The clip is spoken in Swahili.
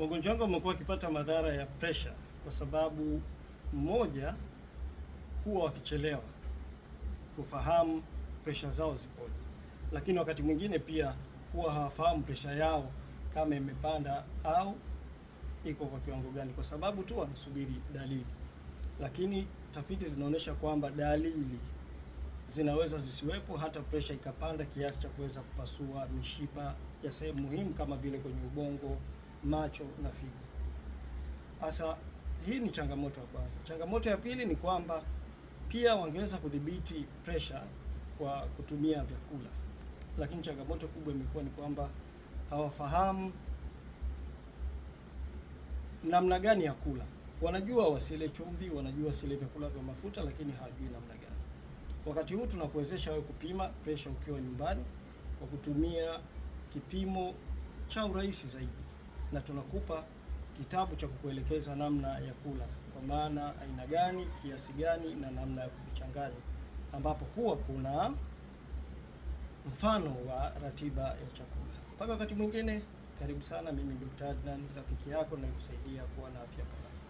wagonjwa wangu wamekuwa wakipata madhara ya presha kwa sababu mmoja, huwa wakichelewa kufahamu presha zao zipoje, lakini wakati mwingine pia huwa hawafahamu presha yao kama imepanda au iko kwa kiwango gani, kwa sababu tu wanasubiri dalili. Lakini tafiti zinaonyesha kwamba dalili zinaweza zisiwepo hata presha ikapanda kiasi cha kuweza kupasua mishipa ya sehemu muhimu kama vile kwenye ubongo macho na figo. Sasa hii ni changamoto ya kwanza. Changamoto ya pili ni kwamba pia wangeweza kudhibiti pressure kwa kutumia vyakula, lakini changamoto kubwa imekuwa ni kwamba hawafahamu namna gani ya kula. Wanajua wasile chumvi, wanajua wasile vyakula vya mafuta, lakini hawajui namna gani. Wakati huu tunakuwezesha wewe kupima pressure ukiwa nyumbani kwa kutumia kipimo cha urahisi zaidi na tunakupa kitabu cha kukuelekeza namna ya kula, kwa maana aina gani, kiasi gani na namna ya kuvichanganya, ambapo huwa kuna mfano wa ratiba ya chakula. Mpaka wakati mwingine, karibu sana. Mimi Dr. Adnan, rafiki yako nayekusaidia kuwa na afya bora.